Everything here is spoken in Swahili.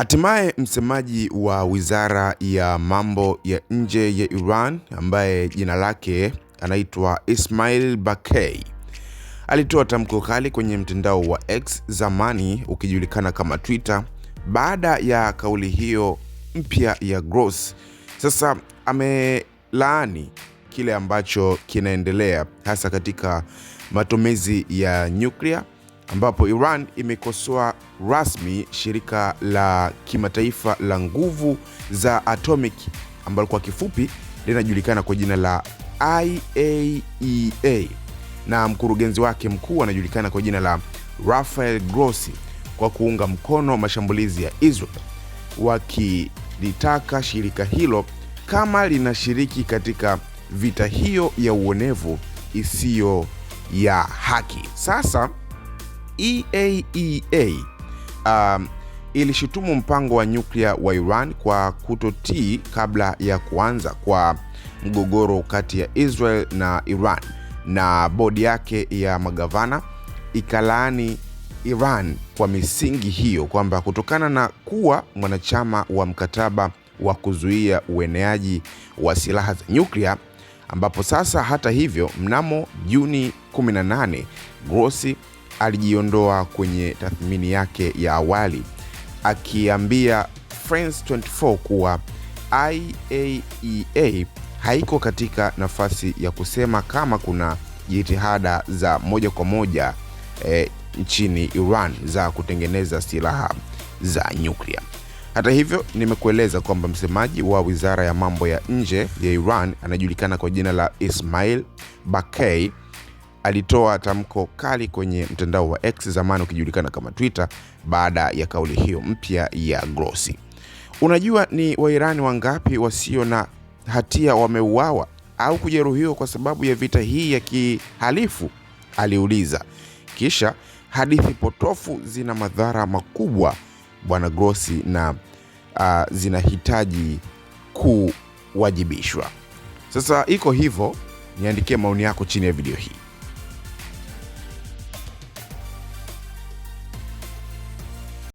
Hatimaye msemaji wa Wizara ya Mambo ya Nje ya Iran ambaye jina lake anaitwa Ismail Bakai alitoa tamko kali kwenye mtandao wa X zamani ukijulikana kama Twitter baada ya kauli hiyo mpya ya Gross. Sasa amelaani kile ambacho kinaendelea hasa katika matumizi ya nyuklia ambapo Iran imekosoa rasmi shirika la kimataifa la nguvu za atomic ambalo kwa kifupi linajulikana kwa jina la IAEA e na mkurugenzi wake mkuu anajulikana kwa jina la Rafael Grossi kwa kuunga mkono mashambulizi ya Israel, wakilitaka shirika hilo kama linashiriki katika vita hiyo ya uonevu isiyo ya haki. Sasa EAEA e um, ilishutumu mpango wa nyuklia wa Iran kwa kutotii kabla ya kuanza kwa mgogoro kati ya Israel na Iran, na bodi yake ya magavana ikalaani Iran kwa misingi hiyo kwamba kutokana na kuwa mwanachama wa mkataba wa kuzuia ueneaji wa silaha za nyuklia ambapo sasa hata hivyo, mnamo Juni 18 Grossi alijiondoa kwenye tathmini yake ya awali akiambia France 24 kuwa IAEA e haiko katika nafasi ya kusema kama kuna jitihada za moja kwa moja e, nchini Iran za kutengeneza silaha za nyuklia. Hata hivyo, nimekueleza kwamba msemaji wa Wizara ya Mambo ya Nje ya Iran anajulikana kwa jina la Ismail Bakei alitoa tamko kali kwenye mtandao wa X zamani ukijulikana kama Twitter baada ya kauli hiyo mpya ya Grossi. Unajua ni Wairani wangapi wasio na hatia wameuawa au kujeruhiwa kwa sababu ya vita hii ya kihalifu? aliuliza. Kisha hadithi potofu zina madhara makubwa, Bwana Grossi, na uh, zinahitaji kuwajibishwa. Sasa iko hivyo, niandikie maoni yako chini ya video hii.